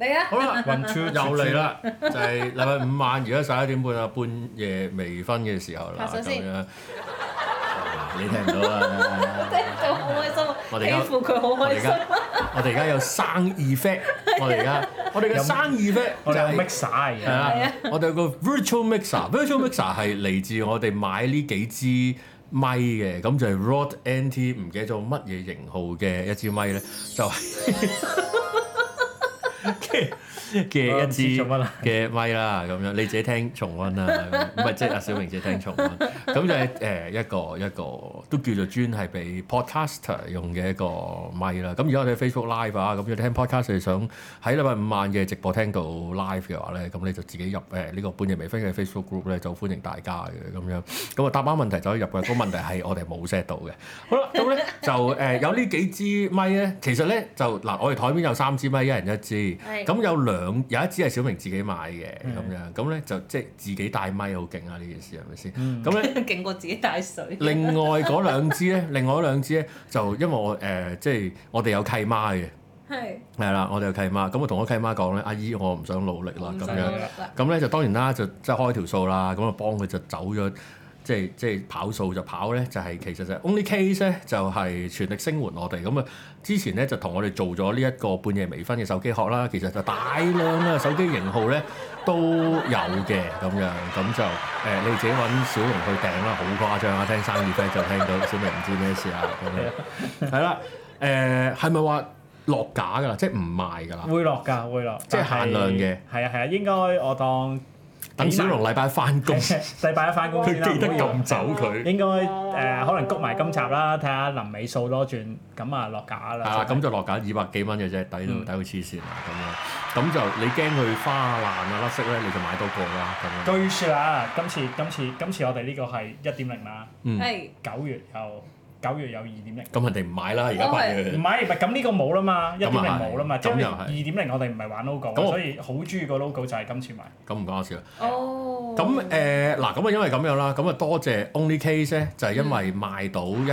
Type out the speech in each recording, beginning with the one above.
嚟啊！好啦，雲柱又嚟啦，就係禮拜五晚，而家十一點半啦，半夜微醺嘅時候啦，咁樣你聽唔到啦，我哋好開心，我哋依家，我哋依家，我哋依家有生意 f a a t 我哋而家，我哋嘅生意 f a a t 就係 mixer，係啊，我哋有個 virtual mixer，virtual mixer 係嚟自我哋買呢幾支咪嘅，咁就係 Rode NT，唔記得咗乜嘢型號嘅一支咪咧，就係。嘅 一支嘅咪啦，咁 樣你自己聽重温啦、啊，唔係即係阿小明自己聽重温，咁 就係誒一個一個,一個都叫做專係俾 podcaster 用嘅一個咪啦。咁如果我哋 Facebook live 啊，咁你聽 podcaster 想喺禮拜五晚嘅直播聽到 live 嘅話咧，咁你就自己入誒呢個半夜微醺嘅 Facebook group 咧，就歡迎大家嘅咁樣。咁啊答翻問題就可以入去，嗰個問題係我哋冇 set 到嘅。好啦，咁咧就誒、呃、 有幾呢幾支咪咧，其實咧就嗱我哋台面有三支咪，一人一支。一咁有兩有一支係小明自己買嘅咁、嗯、樣，咁咧就即係自己帶咪好勁啊！是是嗯、呢件事係咪先？咁咧勁過自己帶水。另外嗰兩支咧， 另外嗰兩支咧就因為我誒、呃、即係我哋有契媽嘅，係係啦，我哋有契媽。咁我同、啊、我契媽講咧，阿姨我唔想努力啦，咁樣。咁咧就當然啦，就即係開條數啦，咁啊幫佢就走咗。即係即係跑數就跑咧，就係、是、其實就 OnllyCase 咧就係、是、全力聲援我哋咁啊！之前咧就同我哋做咗呢一個半夜微醺嘅手機殼啦，其實就大量啦，手機型號咧都有嘅咁樣，咁就誒、呃、你自己揾小龍去訂啦，好誇張啊！聽生意 f 就聽到 小明唔知咩事啊咁樣，係啦，誒係咪話落架㗎啦？即係唔賣㗎啦？會落㗎，會落，即係限量嘅。係啊係啊，應該我當。等小龍禮拜翻工，禮拜一翻工，佢記得飲酒佢。應該、呃、可能谷埋今集啦，睇下臨尾數多轉，咁啊落架啦。啊，咁、就是啊、就落架二百幾蚊嘅啫，抵到抵到黐線啦咁樣。咁就你驚佢花爛啊，甩色咧，你就買多個啦咁樣。據說啊，今次今次今次我哋呢個係一點零啦，係九、嗯、是月又。九月有二點零，咁人哋唔買啦，而家八月唔買咁呢個冇啦嘛，一點零冇啦嘛，二點零我哋唔係玩 logo，咁我所以好鍾意個 logo 就係今次買。咁唔講笑啦。哦、oh.。咁誒嗱，咁啊因為咁樣啦，咁啊多謝 OnllyCase 咧，就係因為賣到一個誒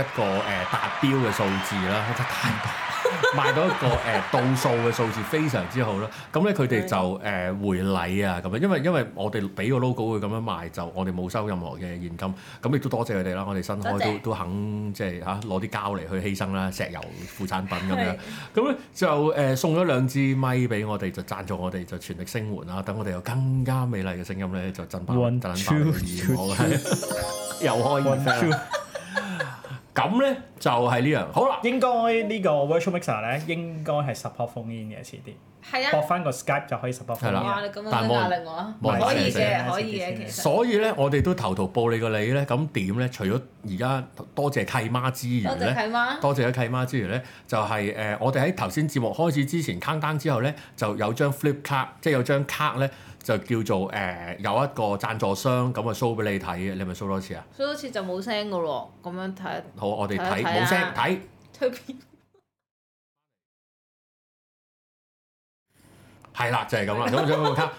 達標嘅數字啦，真、 呃、太多。 賣到一個誒倒，欸，數嘅數字非常之好啦，咁咧佢哋就誒，欸，的回禮啊咁樣，因為因為我哋俾個 logo 佢咁樣賣，就我哋冇收任何嘅現金，咁亦都多謝佢哋啦，我哋新開都謝謝都肯即係嚇攞啲膠嚟去犧牲啦，石油副產品咁樣，咁咧的就誒，呃，送咗兩支咪俾我哋，就贊助我哋就全力聲援啦，等我哋有更加美麗嘅聲音咧就振拔又開咁咧就係、是、呢樣，好啦，應該個、er、呢個 Virtual Mixer 咧應該係 support 封印嘅，遲啲，啊，駁翻個 Skype 就可以 support 封印啦。你壓但你咁壓力我，冇可以嘅實，可以嘅其實。所以咧，我哋都投圖報你個你咧，咁點咧？除咗而家多謝契媽之餘咧，多謝契媽，媽，多謝咗契媽之餘咧，就係、是、誒、呃，我哋喺頭先節目開始之前坑單之後咧，就有張 Flip 卡，即係有張卡咧。就叫做誒、呃、有一個贊助商咁啊 show 俾你睇嘅，你係咪 show 多次啊？show 多次就冇聲㗎咯，咁樣睇。好，我哋睇冇聲睇。 係啦，就係咁啦，咁張卡，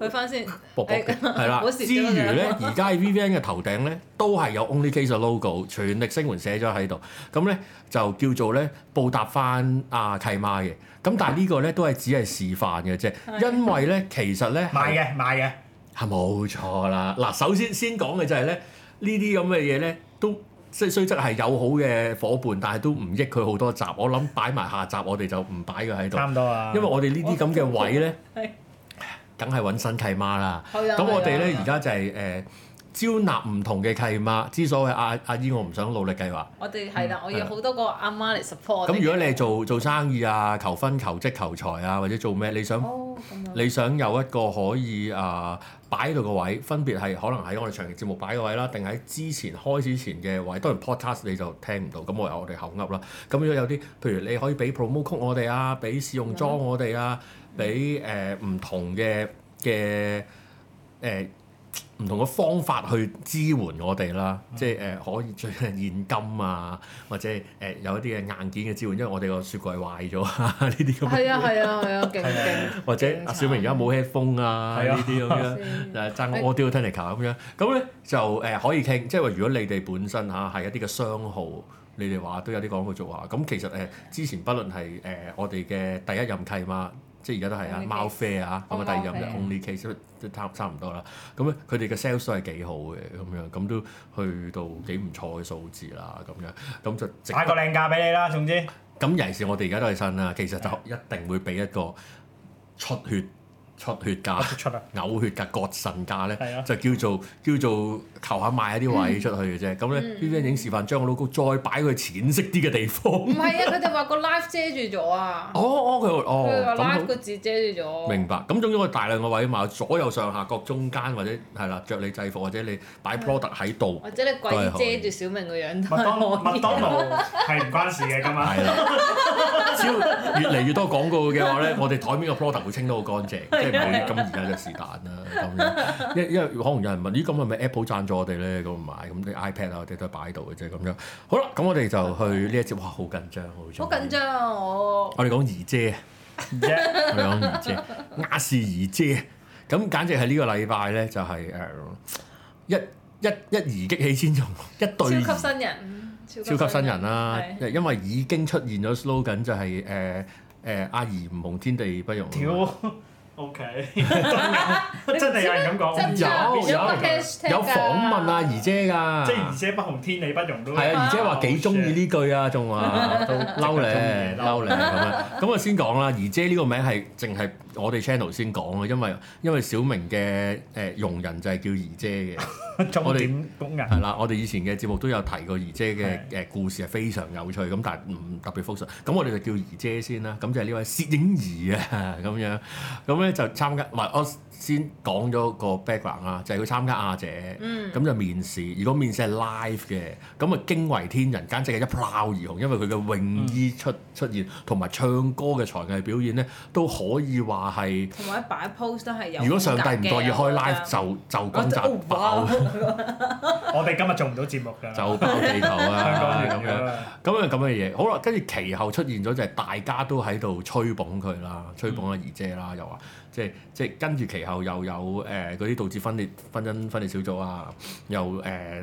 去翻 先，薄薄嘅，係啦唉。至於咧，而家了 V V N 嘅頭頂咧，都係有 OnllyCase 嘅 logo，全力聲援寫咗喺度。咁咧就叫做咧報答翻阿契媽嘅。咁但係呢個咧都係只係示範嘅啫，因為咧其實咧賣嘅賣嘅係冇錯啦。嗱，首先先講嘅就係、是、咧呢啲咁嘅嘢咧都。雖雖則係友好嘅伙伴，但係都唔益佢好多集。我諗擺埋下集我，我哋就唔擺佢喺度。差唔多啊！因為我哋呢啲咁嘅位咧，梗係揾新契媽啦。係咁我哋咧而家就係、係、誒、呃、招納唔同嘅契媽。之所以阿阿姨，我唔想努力計劃。我哋係啦，嗯、我要好多個阿媽嚟 support。咁如果你係做做生意啊、求婚、求職、求財啊，或者做咩，你想、哦、你想有一個可以啊？呃擺喺度個位，分別係可能喺我哋長期節目擺個位啦，定喺之前開始前嘅位。當然 podcast 你就聽唔到，咁我由我哋口噏啦。咁如果有啲，譬如你可以俾 promo c o 曲我哋啊，俾試用裝我哋啊，俾誒唔同嘅嘅誒。唔同嘅方法去支援我哋啦，嗯、即係誒可以最起碼現金啊，或者誒有一啲嘅硬件嘅支援，因為我哋個雪櫃壞咗啊，呢啲咁。係啊係啊係啊，勁勁、啊！ 或者小明而家冇 headphone 啊，呢啲咁樣誒爭、啊、個 audio technica 咁樣，咁咧、啊嗯、就誒可以傾，即係話如果你哋本身嚇係一啲嘅商號，你哋話都有啲講好做下。咁其實誒之前不論係誒我哋嘅第一任契媽。即係而家都係 Only case, 咲啊，貓啡啊，咁啊第二任咧，OnllyCase、啊、差都差差唔多啦。咁佢哋嘅 sales 都係幾好嘅，咁樣咁都去到幾唔錯嘅數字啦。咁樣咁就直接，派個靚價俾你啦，總之。咁尤其是我哋而家都係新啦，其實就一定會俾一個出血出血㗎，嘔血㗎，割腎㗎咧，就叫做叫做求下賣一啲位出去嘅啫。咁咧，呢啲影視範將個老公再擺去淺色啲嘅地方。唔係啊，佢哋話個 life 遮住咗啊。哦哦，佢話哦，佢話 life 個字遮住咗。明白。咁總之我大量個位嘛，左右上下角中間或者係啦，着你制服或者你擺 product 喺度。或者你鬼遮住小明個樣都。麥當勞，麥當勞係唔關事嘅，今晚係啦，只要越嚟越多廣告嘅話咧，我哋台面個 product 會清得好乾淨。即係咁而家就是但啦。因因為可能有人問：咦，咁係咪 Apple 贊助我哋咧？咁唔係，咁啲 iPad 啊，我哋都係擺喺度嘅啫。咁樣好啦，咁我哋就去呢一節。哇，好緊張，好緊張啊！我我哋講儀姐，我哋我講儀姐亞視、啊、儀姐咁，簡直係呢個禮拜咧就係、是、誒一一一兒激起千重一對超級新人超級新人啦、啊，呵因為已經出現咗 slogan 就係誒誒阿儀唔紅天地不容。嗯 O K，真係有人咁講，有有有訪問阿姨姐㗎，即係姨姐不紅，天理不容都係。係啊，姨姐話幾中意呢句啊，仲話都嬲你，嬲你。咁啊。咁啊，先講啦，姨姐呢個名係淨係我哋 channel 先講嘅，因為因為小明嘅誒傭人就係叫姨姐嘅。我哋工人係啦，我哋以前嘅節目都有提過姨姐嘅誒故事係非常有趣，咁但係唔特別複雜。咁我哋就叫姨姐先啦，咁就係呢位攝影儀啊咁樣，咁咧。就參加，唔係我先講咗個 background 啦，就係、是、佢參加亞姐，咁、嗯、就面試。如果面試係 live 嘅，咁啊驚為天人，簡直係一炮而紅，因為佢嘅泳衣出出現，同埋唱歌嘅才藝表演咧，都可以話係。如果上帝唔再要開 live、啊、就就咁走。我哋的 今日做唔到節目㗎。就爆地球啊！咁 樣咁嘅咁嘅嘢，好啦，跟住其後出現咗就係、是、大家都喺度吹捧佢啦，吹捧阿儀姐啦，又話。即係即係跟住其後又有誒嗰啲導致分裂、婚姻分裂小組啊，又誒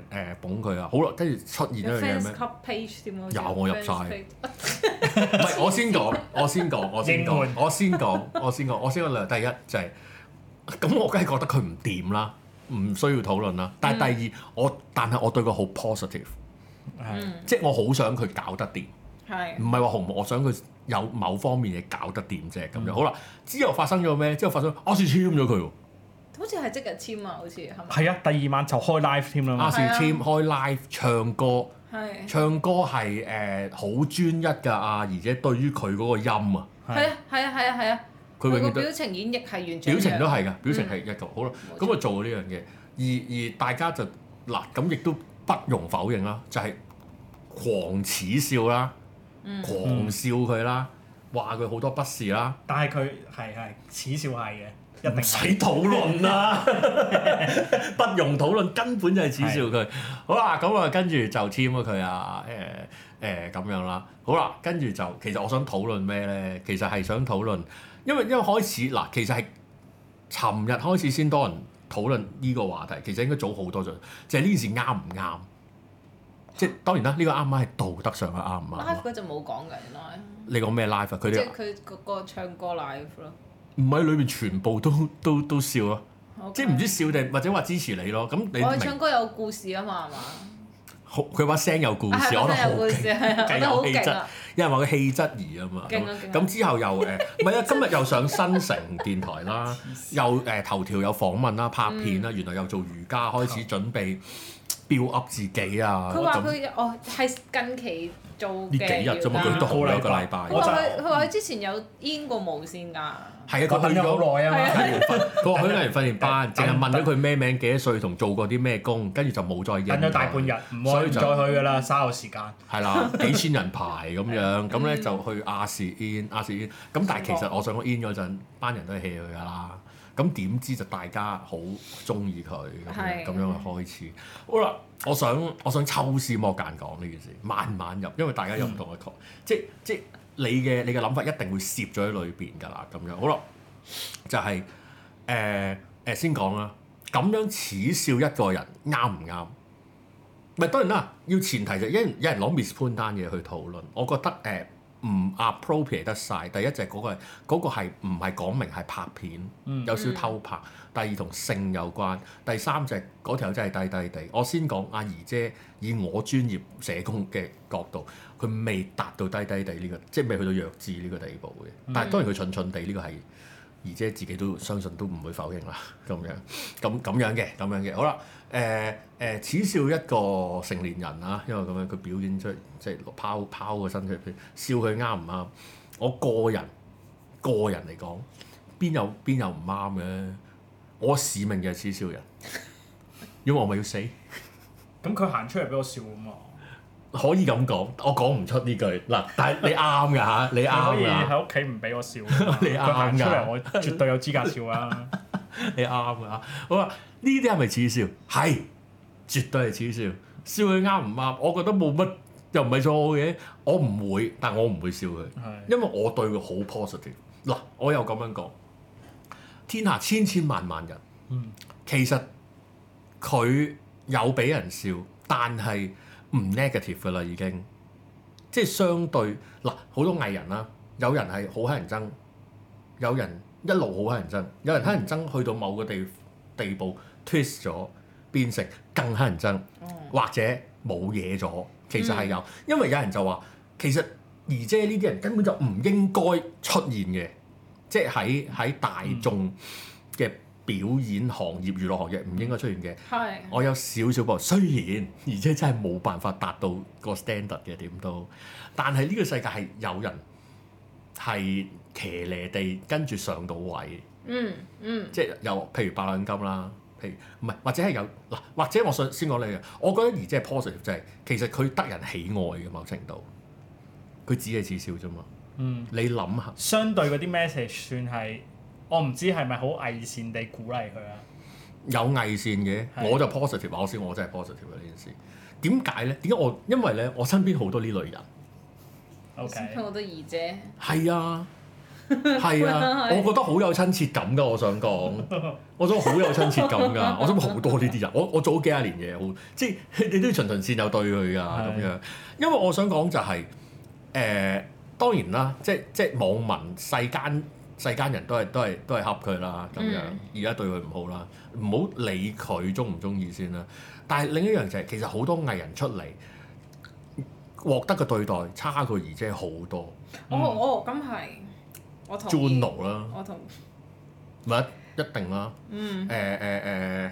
誒捧佢啊，好啦，跟住出現咗樣嘢係咩？有我入晒，唔係我先講，我先講，我先講，我先講，我先講。我先講兩。第一就係咁，我梗係覺得佢唔掂啦，唔需要討論啦。但係第二，我但係我對佢好 positive，即係我好想佢搞得掂，係，唔係話紅唔紅，我想佢。有某方面嘢搞得掂啫，咁就係、好啦。之後發生咗咩？之後發生阿、啊、Sir 簽咗佢喎，好似係即日簽啊，好似係咪？係啊，第二晚就開 live 添啦、啊。阿 Sir 簽開 live 唱歌，啊、唱歌係誒好專一㗎啊，而且對於佢嗰個音啊，係啊係啊係啊係啊，佢個、啊啊啊啊、表情演繹係完全表是是，表情都係㗎，表情係一個好啦。咁啊做呢樣嘢，而而大家就嗱，咁亦都不容否認啦，就係、係、狂恥笑啦。狂、嗯、笑佢啦，話佢好多不是啦。但係佢係係恥笑係嘅，又唔使討論啦， 不用討論，根本就係恥笑佢是、呃呃。好啦，咁啊跟住就簽咗佢啊，誒誒咁樣啦。好啦，跟住就其實我想討論咩咧？其實係想討論，因為因為開始嗱，其實係尋日開始先多人討論呢個話題，其實應該早好多咗、就是，就係、是、呢件事啱唔啱？即係當然啦，呢個啱唔啱係道德上嘅啱唔啱？Live 就冇講㗎，原來。你講咩 live？佢即係佢個唱歌 live 咯。唔係，裏面全部都都都笑咯。即係唔知笑定或者話支持你咯。咁你唱歌有故事啊嘛，係嘛？好，佢把聲有故事，我覺得好勁。有人話佢氣質儀啊嘛。勁啊！勁！咁之後又誒，唔係啊，今日又上新城電台啦，又誒頭條有訪問啦，拍片啦，原來又做瑜伽，開始準備。build up 自己啊！佢話佢哦係近期做呢幾日啫嘛，佢都好兩個禮拜。佢話佢之前有 in 過無綫㗎。係啊，佢等咗好耐啊嘛。佢話去咗人訓練班，淨係問咗佢咩名、幾多歲同做過啲咩工，跟住就冇再 in。等咗大半日，唔可以再去㗎啦，嘥我時間。係啦，幾千人排咁樣，咁咧就去亞視 in 亞視 in。咁但係其實我上個 in 嗰陣，班人都 hea 佢去㗎啦，咁點知就大家好中意佢，咁的樣咁樣開始。好啦，我想我想抽絲剝繭講呢件事，慢慢入，因為大家有唔同嘅確、嗯，即即你嘅你嘅諗法一定會攝咗喺裏邊㗎啦。咁樣好啦，就係誒誒先講啦。咁樣恥笑一個人啱唔啱？唔係當然啦，要前提就一一人攞 Miss 潘單嘢去討論，我覺得誒。呃唔 appropriate 得晒，第一隻嗰個嗰、嗰個係唔係講明係拍片，嗯、有少偷拍；第二同性有關；第三隻嗰條友真係低低地。我先講阿儀姐，以我專業社工嘅角度，佢未達到低低地呢、呢個，即係未去到弱智呢個地步嘅。但係當然佢蠢蠢地呢、呢個係。儀姐自己都相信都唔會否認啦，咁樣咁咁樣嘅，咁樣嘅好啦，誒、呃、誒、呃呃、恥笑一個成年人啊，因為咁樣佢表現出即係拋拋個身出嚟笑佢啱唔啱？我個人個人嚟講，邊有邊有唔啱嘅？我使命就係恥笑人，因為我咪要死。咁佢行出嚟俾我笑咁啊！可以咁講，我講唔出呢句嗱，但係你啱嘅嚇，你啱啦。 你可以喺屋企唔俾我笑。你啱嘅。佢行出嚟，我絕對有資格笑啦。 你啱嘅嚇。好啦，呢啲係咪恥笑？係，絕對係恥笑。笑佢啱唔啱？我覺得冇乜，又唔係錯嘅。我唔會，但我唔會笑佢，是的 因為我對佢好 positive。嗱，我又咁樣講，天下千千萬萬人，其實佢有俾人笑，但係，唔 negative 嘅啦，已經即係相對嗱，好多藝人啦，有人係好乞人憎，有人一路好乞人憎，有人乞人憎去到某個地地步 twist 咗，變成更乞人憎，或者冇嘢咗。其實係有，嗯、因為有人就話其實儀姐呢啲人根本就唔應該出現嘅，即係喺喺大眾嘅。表演行業、娛樂行業唔應該出現嘅，的我有少少噃。雖然而且真係冇辦法達到個 standard 嘅點都，但係呢個世界係有人係騎呢地跟住上到位。嗯嗯、即係又譬如八兩金啦，譬如唔係或者係有嗱，或者我想，我想先講你嘅。我覺得而且係 positive 就係、是、其實佢得人喜愛嘅某程度，佢只係自笑啫嘛。嗯、你諗下，相對嗰啲 message 算係。我唔知係咪好偽善地鼓勵佢啊？有偽善嘅，FT 我就 positive。我先，我真係 positive 嘅呢件事。點解咧？點解我？因為咧，我身邊好多呢類人。OK，身邊好多儀姐。係啊，係啊，我覺得好有親切感㗎。 我想講，我想好有親切感㗎。我想好多呢啲人。我我做咗幾廿年嘢，好即係你都要循循善誘對佢㗎咁樣。fires 因為我想講就係誒，當然啦，即係即係網民世間。世間人都係都係都係恰佢啦，咁樣而家對佢唔好啦，唔好理佢鍾唔鍾意先啦。但係另一樣就係、是，其實好多藝人出嚟獲得嘅對待差距而且好多。哦哦，咁係、嗯哦哦哦，我同。Juno 啦，我同。唔一定啦。嗯。誒誒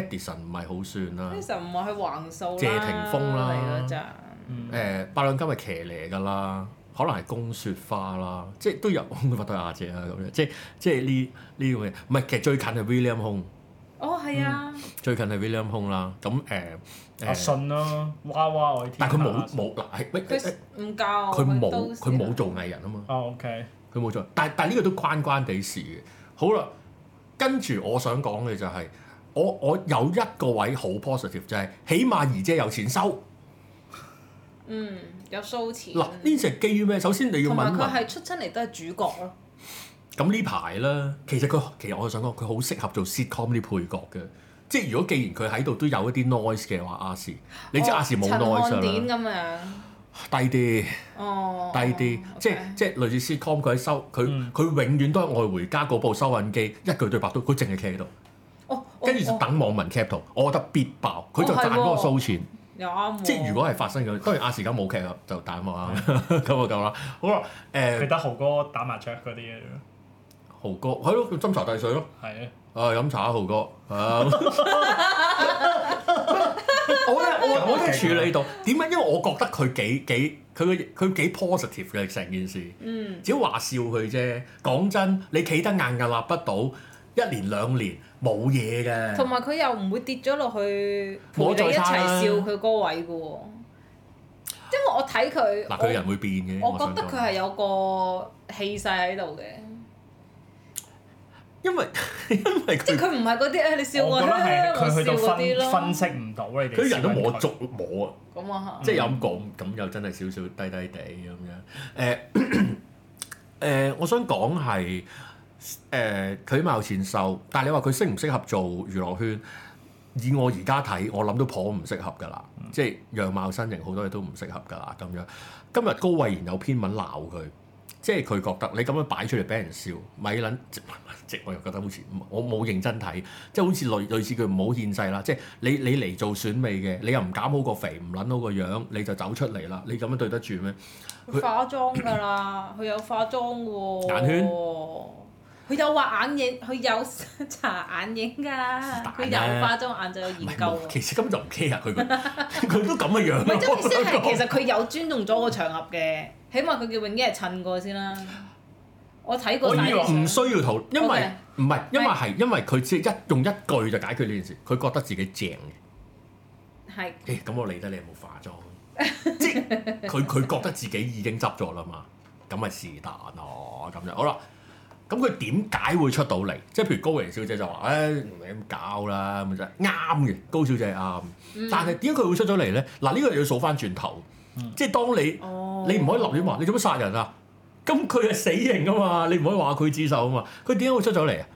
Edison 唔係好算啦。Edison 唔話佢橫掃謝霆鋒啦，嚟咗咋？嗯嗯、八兩金係騎呢㗎啦。可能係宮雪花啦，即係都有，我覺得阿姐啊咁樣，即係即係呢呢樣嘢，唔係其實最近係 William Home。哦，係啊、嗯。最近係 William Home 啦，咁誒、uh, uh, 阿信咯、啊，娃娃愛天、啊。但佢冇冇嗱係，唔教沒。佢冇佢冇做藝人啊嘛。OK 佢冇做，但但呢個都關關地事嘅。好啦，跟住我想講嘅就係、是，我我有一個位好 positive 就係、是，起碼儀姐有錢收。嗯，有收錢嗱，呢成基於咩？首先你要問佢係出親嚟都係主角咯。咁呢排咧，其實佢其實我想講，佢好適合做 sitcom 啲配角嘅，即係如果既然佢喺度都有一啲 noise 嘅話，亞視你知亞視冇 noise 啦。陳漢典咁樣低啲哦，低啲，即係即係類似 sitcom，佢喺收佢佢永遠都係愛回家嗰部收音機，一句對白都佢淨係企喺度。哦，跟住就等網民 cap 圖我覺得必爆，佢就賺嗰個收錢。也即係如果係發生咗，當然亞視而家冇劇啦，就淡忘啦，咁是的 就夠啦。好啦，誒、嗯，得豪哥打麻雀嗰啲嘢豪哥，係咯，斟茶遞水咯。係是的 啊，啊飲茶啊，豪哥啊。我咧，我我可以處理到點解？因為我覺得佢幾幾佢佢幾 positive 嘅成件事。只要話笑佢啫，講真，你企得硬嘅立不到一年兩年。冇嘢嘅，同埋佢又唔會跌咗落去，我哋一齊笑佢個位嘅喎。因為我睇佢，嗱佢人會變嘅，我覺得佢係有個氣勢喺度嘅。因為因為即係佢唔係嗰啲咧，你笑我，佢佢啲分咯分析唔到佢人都摸足摸啊。咁即係有咁講咁又真係少少低低哋咁樣。誒、欸、誒、 欸，我想講係。誒佢、呃、貌前瘦，但係你話佢適唔適合做娛樂圈？以我而家睇，我諗都頗唔適合㗎啦。嗯、即係樣貌身形好多嘢都唔適合㗎啦。咁樣今日高慧然有篇文鬧佢，即係佢覺得你咁樣擺出嚟俾人笑咪撚？直直，我又覺得好似我冇認真睇，即係好似類類似佢唔好獻世啦。即係你你嚟做選美嘅，你又唔搞好個肥，唔撚好個樣，你就走出嚟啦。你咁樣對得住咩？化妝㗎啦，佢有化妝喎，眼圈，佢有畫眼影，佢有搽眼影㗎。佢、啊、有化妝，眼就有研究。其實根本就唔 care 佢，佢 都咁嘅樣。唔係，即係 其實佢有尊重咗個場合嘅，起碼佢叫永佳係襯過先啦。我睇過。我以為唔需要塗，因為唔係 Okay.，因為係是因為佢只係一用一句就解決呢件事，佢覺得自己正嘅。係是。咁、欸、我理得你有冇化妝？ 即佢佢覺得自己已經執咗啦嘛，咁咪是但咯，咁就好啦。好咁佢點解會出到嚟？即係譬如高榮小姐就話，誒唔理咁搞啦，咁啫，啱嘅。高小姐啱，嗯、但係點解佢會出咗嚟咧？嗱，呢個又要數翻轉頭，即係、嗯、當你、哦、你唔可以立亂話，你做乜殺人啊？咁佢係死刑啊嘛，嗯、你唔可以話佢自首啊嘛。佢點解會出咗嚟啊？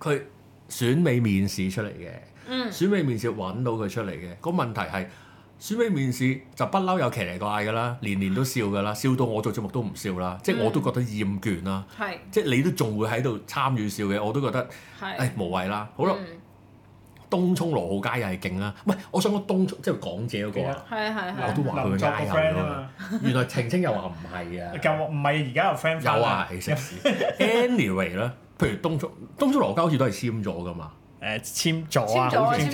佢選美面試出嚟嘅，嗯、選美面試揾到佢出嚟嘅。個問題係。選美面試就不嬲有奇奇怪怪㗎啦，年年都笑㗎啦，笑到我做節目都唔笑啦，嗯、即係我都覺得厭倦啦。是即係你都仲會喺度參與笑嘅，我都覺得係誒是無謂啦。好啦，嗯、東涌羅浩街又係勁啦，唔係我想講東涌即係港姐嗰、嗰個啊，係係係。我都話佢 friend 啊嘛，原來澄清又話唔係啊，唔係而家又 friend 有啊，係食屎。 Anyway 啦，譬如東涌東涌羅浩街好似都係簽咗㗎嘛。誒，簽咗，好彩，好彩係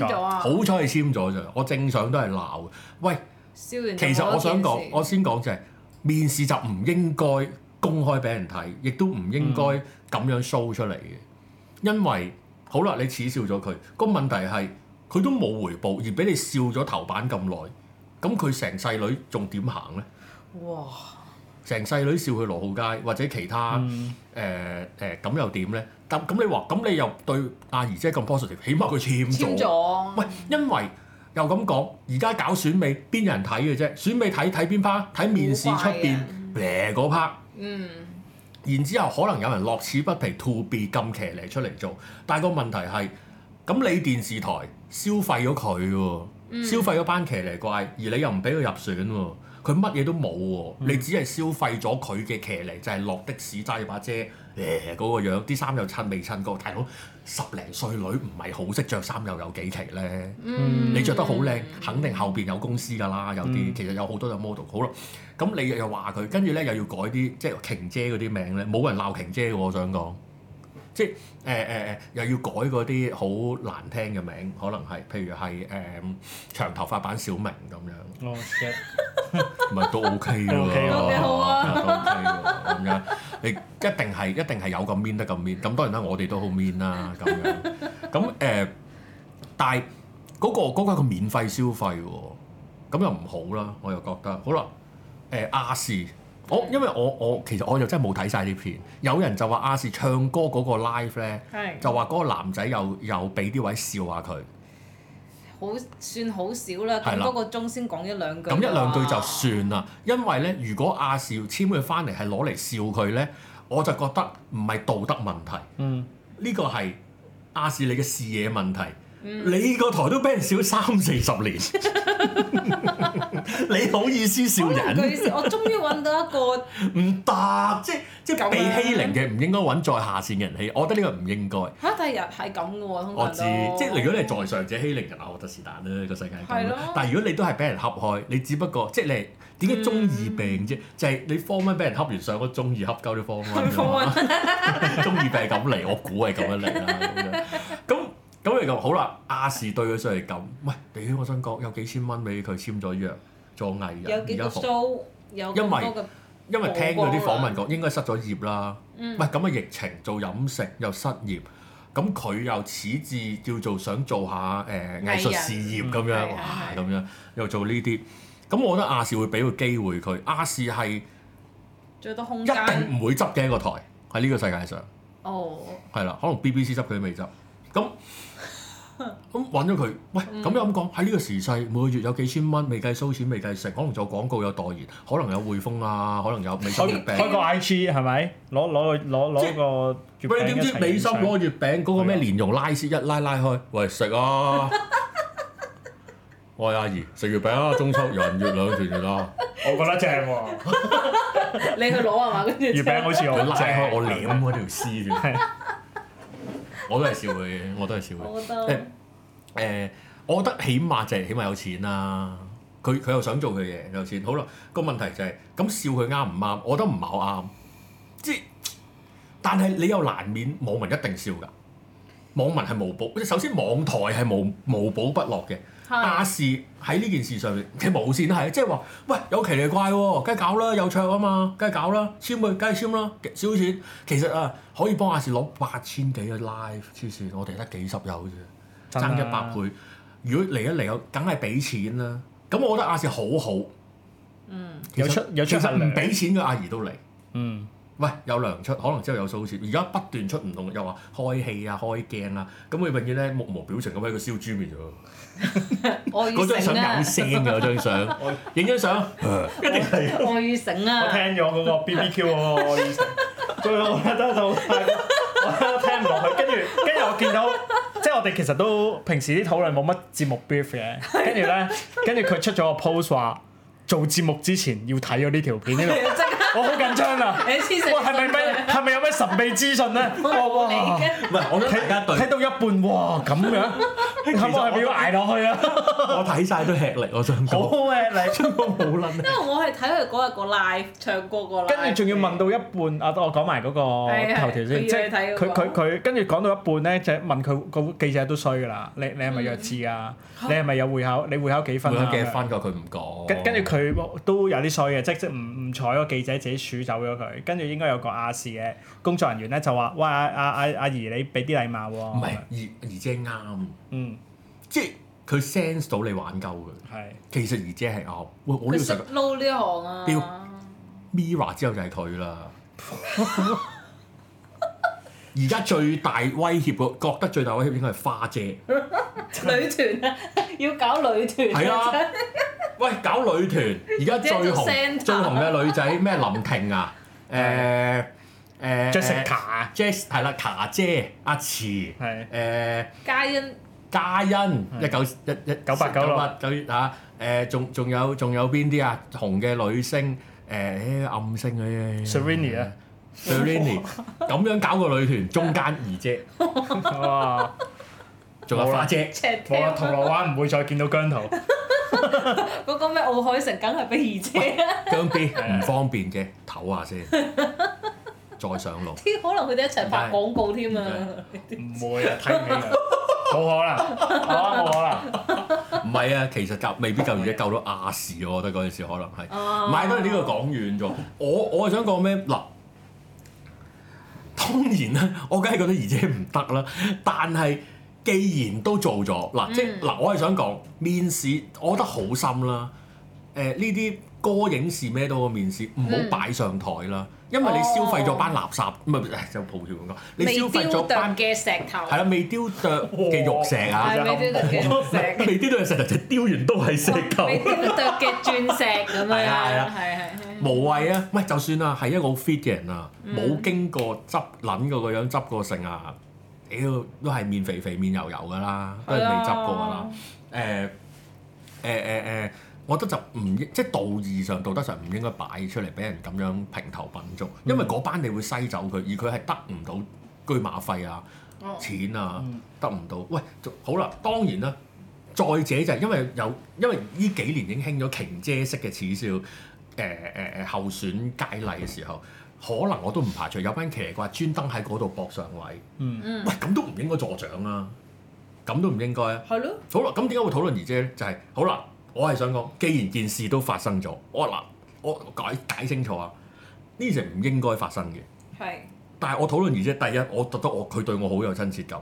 簽咗咋。 我正常都係鬧。喂，完其實我想講，我先講就係、是、面試就唔應該公開俾人睇，亦都唔應該咁樣 show 出嚟嘅。因為好啦，你恥笑咗佢，個問題係佢都冇回報，而俾你笑咗頭版咁耐，咁佢成世女仲點行咧？哇！成世女笑佢羅浩佳或者其他誒誒，咁、嗯呃、又點咧？咁咁你話咁你又對阿儀姐咁 positive，起碼佢簽咗。簽咗。喂，因為又咁講，而家搞選美邊有人睇嘅啫？選美睇睇邊 part？睇面試出邊嗶嗰 part？然之後可能有人樂此不疲 to be 咁騎呢出嚟做，但係個問題係咁，你電視台消費咗佢喎，嗯、消費咗班騎呢怪，怪，而你又唔俾佢入選喎。佢乜嘢都冇喎、哦，嗯、你只係消費咗佢嘅騎呢？就係、是、落的士揸住把遮，誒、呃、嗰、那個樣，啲衫又襯未襯過。那個、大佬十零歲女唔係好識著衫，又有幾奇咧？嗯、你著得好靚，肯定後邊有公司㗎啦。有啲其實有好多隻 model。嗯、好啦，咁你又話佢，跟住咧又要改啲即係瓊姐嗰啲名咧，冇人鬧瓊姐嘅。我想講。即係誒誒又要改嗰啲好難聽嘅名，可能係，譬如係誒、呃、長頭髮版小明咁樣。哦，唔係都 OK 嘅喎。OK，你好咁樣，你一定係一定係有咁 mean 得咁 mean，咁當然啦、啊，我哋都好 mean 啦咁樣。咁誒、呃，但係、那、嗰個嗰、嗰個係個免費消費喎、啊，咁又唔好啦，我又覺得。好啦，誒、呃、亞視。我因為我我其實我又真係冇睇晒啲片，有人就話亞視唱歌嗰個 live 咧，是就話嗰個男仔又又俾啲位笑下佢，好算好少啦，咁的多個鐘先講一兩句，咁一兩句就算啦。因為咧，如果亞視簽佢翻嚟係攞嚟笑佢咧，我就覺得唔係道德問題，呢、嗯、個係亞視你嘅視野問題。你個台都俾人笑三四十年， 你好意思笑人？ 我終於揾到一個唔得，即係、啊、即被欺凌嘅，唔應該揾再下線嘅人欺。我覺得呢個唔應該嚇。第日係咁嘅喎，通常我知即係如果你係在上者欺凌人，我覺得是但啦，呢個世界係咁。的但如果你都係俾人恰開，你只不過即係你點解中二病啫？嗯、就係你 form one 俾人恰完上方便方便，我中二恰鳩啲 form one，中二病咁嚟，我估係咁樣嚟啦。咁咁嚟就好啦，亞視對佢就係咁。喂，你我想講有幾千蚊俾佢簽咗約做藝人，而家租，因為有因為聽佢啲訪問講應該失咗業啦。唔、嗯、喂，咁啊疫情做飲食又失業，咁佢又始至叫做想做下誒、呃、藝術事業咁樣，哎、呀哇咁、啊啊啊、樣又做呢啲。咁我覺得亞視會俾個機會佢，亞視係最多空間，一定唔會執嘅一個台喺呢個世界上。哦，係啦，可能 B B C 執佢都未執。咁咁揾咗佢，喂，咁又咁講喺呢個時勢，每個月有幾千蚊，未計收錢，未計食，可能做廣告有代言，可能有匯豐啊，可能有美心月餅。 開開個 IG 係咪？攞攞個攞攞個。喂，你點知，知美心嗰月餅嗰、那個咩蓮蓉拉絲一拉拉開，喂食啊！ 喂，阿姨，食月餅啊！中秋人月兩團圓啊！ 我覺得正喎、啊。你去攞啊嘛，跟住月餅好似我拉開我舐嗰條絲咁。 我都係笑佢，嘅。我都係笑佢。誒誒 我也、欸欸，我覺得起碼就係起碼有錢啦、啊。佢佢又想做佢嘅嘢，有錢好啦、啊。個問題就係、是、咁笑佢啱唔啱？我覺得唔係好啱。即但係你又難免網民一定笑㗎。網民係無寶，即首先網台係無無寶不落嘅。亞視喺呢件事上面，佢無線都係，即係話，喂，有奇奇怪怪喎，梗係搞啦，有桌啊嘛，梗係搞啦，簽佢梗係簽啦，少少錢，其實啊，可以幫亞視攞八千幾嘅 live 黐線，我哋得幾十友啫，爭一百倍。如果嚟一嚟梗係俾錢啦。咁我覺得亞視好好，有出有出其實唔俾、嗯、錢嘅阿儀都嚟，嗯喂，有糧出，可能之後有數次。而家不斷出唔同，又話開戲啊、開鏡啊，咁佢永遠咧目無表情咁喺度燒豬面咗。嗰張相有聲嘅，嗰張相。影張相，一定係。愛與誠啊！我聽咗嗰個 B B Q 嗰個愛與誠喎。真係 我真係好衰，我聽唔落去。跟住跟住我見到，即係我哋其實都平時啲討論冇乜節目 brief 嘅。跟住咧，跟住佢出咗個 p o s t 話做節目之前要睇咗呢條片 我好緊張啊！你黐線，係咪咩？係咪有咩神秘資訊咧？哇！唔係我睇睇到一半，哇咁樣，我冇得捱落去啊！我睇曬都吃力，我想講，好吃力。因為我係睇佢嗰日個 live 唱歌個。跟住仲要問到一半，啊！我講埋嗰個頭條先，即係佢佢佢，跟住講到一半咧，就問佢個記者都衰㗎啦！你你係咪弱智啊？你係咪有會考？你會考幾分啊？我幾分個佢唔講。跟跟住佢都有啲衰嘅，即即唔唔睬個記者。俾鼠走咗佢，跟住 應該有個亞視嘅工作人員咧就話，喂阿阿、啊啊、阿姨，你俾啲禮貌喎。唔係，儀儀姐啱。姨姨，嗯，即，即係佢 sense 到你玩夠嘅。係。是 其實儀姐係啱。佢識撈呢行啊。掉 Mirror 之後就係佢啦。而 家 最大威脅，個覺得最大威脅應該係花姐。 女團啊，要搞女團。係對啊。 喂，搞女團，而家最紅最紅嘅女仔咩？林婷啊，誒誒，Jessica，Jess 係啦，卡姐，阿慈，係誒，嘉欣，嘉欣，一九一一九八九六九，嚇誒，仲仲有仲有邊啲啊？紅嘅女星誒，啲暗星嗰啲 Serrini 啊 Serrini 咁樣搞個女團，中間二姐，哇，仲有花姐，我話，銅鑼灣唔會再見到姜濤。嗰 個咩奧海城姐，梗係俾儀姐啊！方便唔方便嘅。唞下先，再上路。 可能佢哋一齊拍廣告添啊？唔會，會啊，睇唔起啊，冇可能，冇可能。唔係啊，其實未必夠儀姐救到亞視，我覺得嗰陣可能係。唔係呢個講遠咗。我我係想講咩嗱？當然啦，我梗係覺得儀姐唔得啦，但係。既然都做咗嗱，即係嗱，我係想講面試，我覺得好深啦。誒，呢啲歌、影視咩都個面試，唔好擺上台啦，因為你消費咗班垃圾，唔係就抱歉咁講，你消費咗嘅石頭，係啊，未雕琢嘅玉石啊，未雕琢嘅石頭，未雕石頭，即係雕完都係石頭，未雕嘅鑽石咁樣，係啊，係啊，係係無謂啊！喂，就算啊，係一個好 fit 嘅人啊，冇經過執撚個個樣執個成啊。屌都係面肥肥，面油油噶啦，都係未執過噶啦。誒誒誒誒，我覺得就唔應該，即、係、道義上、道德上道德上唔應該擺出嚟俾人咁樣評頭品足，因為嗰班你會篩走佢，而佢係得唔到車馬費啊錢啊，哦嗯、得唔到喂。好啦，當然啦。再者就係因為有因為呢幾年已經興咗瓊姐式嘅恥笑，誒誒誒候選佳麗嘅時候。可能我都唔排除有班奇怪專登喺嗰度搏上位，嗯，喂咁都唔應該助長啊，咁都唔應該啊，係咯的，好啦，咁點解會討論儀姐咧？就係、是、好啦，我係想講，既然件事都發生咗，我嗱我解解清楚啊，呢啲唔應該發生嘅，係的，但係我討論儀姐，第一我覺得我佢對我好有親切感，